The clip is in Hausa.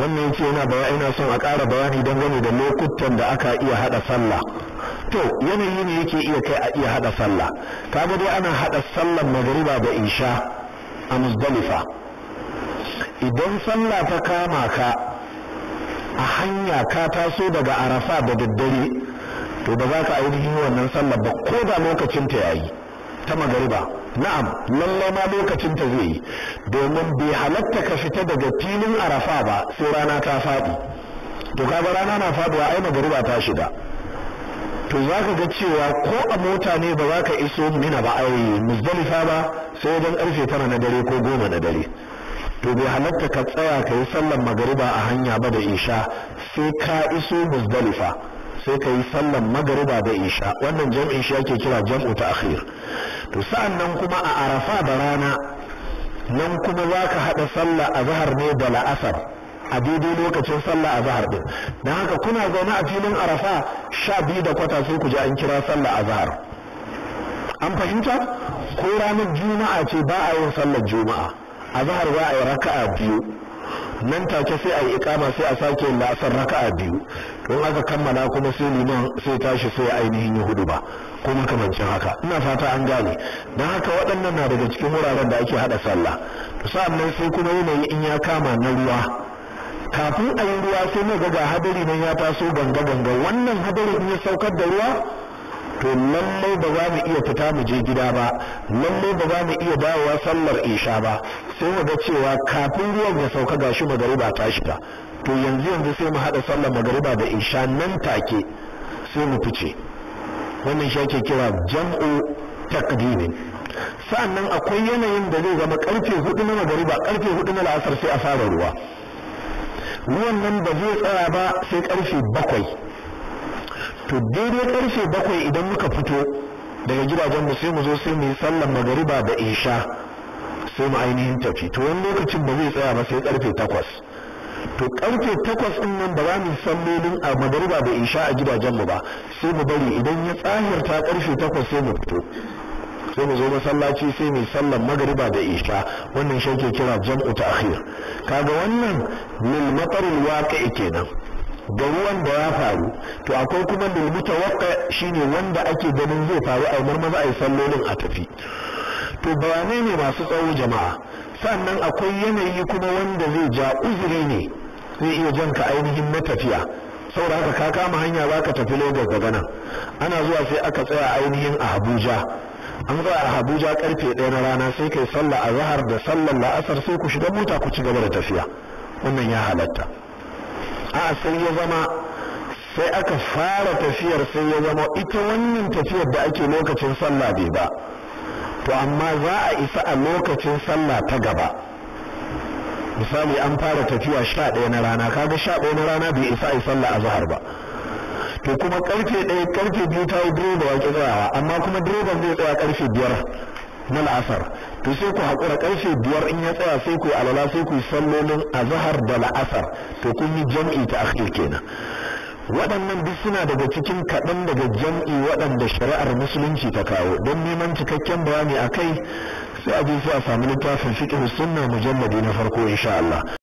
wannan yake yana bayani ina son a ƙara bayani dangane da lokutan da aka iya haɗa sallah to yanayi ne yake iya kai a iya haɗa sallah ta dai ana haɗa sallar magariba da isha a muzdalifa idan sallah ta kama ka a hanya ka taso daga arafa da daddare to ba za ka ainihin wannan sallah, ba ko da lokacin ta yayi ta magariba na'am lalle ma lokacin ta zai yi domin bai halatta ka fita daga filin arafa ba sai rana ta faɗi to kaga rana na faduwa ai magariba ta shiga to za ka ga cewa ko a mota ne ba za ka iso mina ba ai muzdalifa ba sai wajen karfe tara na dare ko goma na dare to bai halatta ka tsaya ka yi sallar magariba a hanya ba da isha sai ka iso muzdalifa sai ka yi sallan magariba da isha wannan jam'in shi ake kira jam'u ta akhir to sa'an nan kuma a arafa da rana nan kuma za ka haɗa sallah a zahar ne da la'asar a daidai lokacin sallah a zahar ɗin don haka kuna zaune a filin arafa sha biyu da kwata sai ku je an kira sallah a zahar an fahimta ko ranar juma'a ce ba a yin sallar juma'a a zahar za a yi raka'a biyu nan take sai a yi ikama sai a sake la'asar raka'a biyu to aka kammala kuma sai liman sai tashi sai ainihin yi hudu ba ko makamancin haka ina fata an gane don haka waɗannan na daga cikin wuraren da ake haɗa sallah to sa'annan sai kuma yanayi in ya kama na ruwa kafin a yi ruwa sai na ga hadari nan ya taso ganga ganga wannan hadari in ya saukar da ruwa to lallai ba za mu iya fita mu je gida ba lallai ba za mu iya dawowa sallar isha ba sai mu ga cewa kafin ruwan ya sauka gashi magariba ta shiga to yanzu yanzu sai mu haɗa sallar magariba da isha nan take sai mu fice wannan shi ake kira jam'u takdimin sa'annan akwai yanayin da zai zama karfe hudu na magariba karfe hudu na la'asar sai a fara ruwa ruwan nan ba zai tsaya ba sai karfe bakwai to daidai karfe bakwai idan muka fito daga gidajen mu sai mu zo sai mu yi sallar magariba da isha sai mu ainihin tafi to wani lokacin ba zai tsaya ba sai karfe takwas to karfe takwas din nan ba za mu sallolin a magariba da isha a gidajen mu ba sai mu bari idan ya ta karfe takwas sai mu fito sai mu zo masallaci sai mu sallar magariba da isha wannan shi kira jam'u ta'khir kaga wannan lil mataril waqi'i kenan da ruwan da ya faru to akwai kuma da shi shine wanda ake ganin zai faru a maza a yi sallolin a tafi to bayanai ne masu tsawo jama'a sannan akwai yanayi kuma wanda zai ja uzuri ne zai iya jan ka ainihin na tafiya saboda haka ka kama hanya za ka tafi Lagos daga nan ana zuwa sai aka tsaya ainihin a Abuja an zuwa a Abuja karfe ɗaya na rana sai kai sallah a zahar da sallar la'asar sai ku shiga mota ku ci gaba da tafiya wannan ya halatta a sai ya zama sai aka fara tafiyar sai ya zama ita wannan tafiyar da ake lokacin sallah bai ba to amma za a isa a lokacin sallah ta gaba misali an fara tafiya sha ɗaya na rana kaga sha ɗaya na rana bai isa a yi sallah a zahar ba to kuma karfe ɗaya karfe biyu ta yi direba wa tsayawa amma kuma direban zai tsaya karfe biyar na la'asar to sai ku haƙura ƙarfe biyar in ya tsaya sai ku yi alala sai ku yi sallolin azahar da la'asar to kun yi jam'i ta akhir kenan waɗannan duk suna daga cikin kaɗan daga jam'i waɗanda shari'ar musulunci ta kawo don neman cikakken bayani a kai sai a je sai a samu littafin fiqh sunna mujalladi na farko insha Allah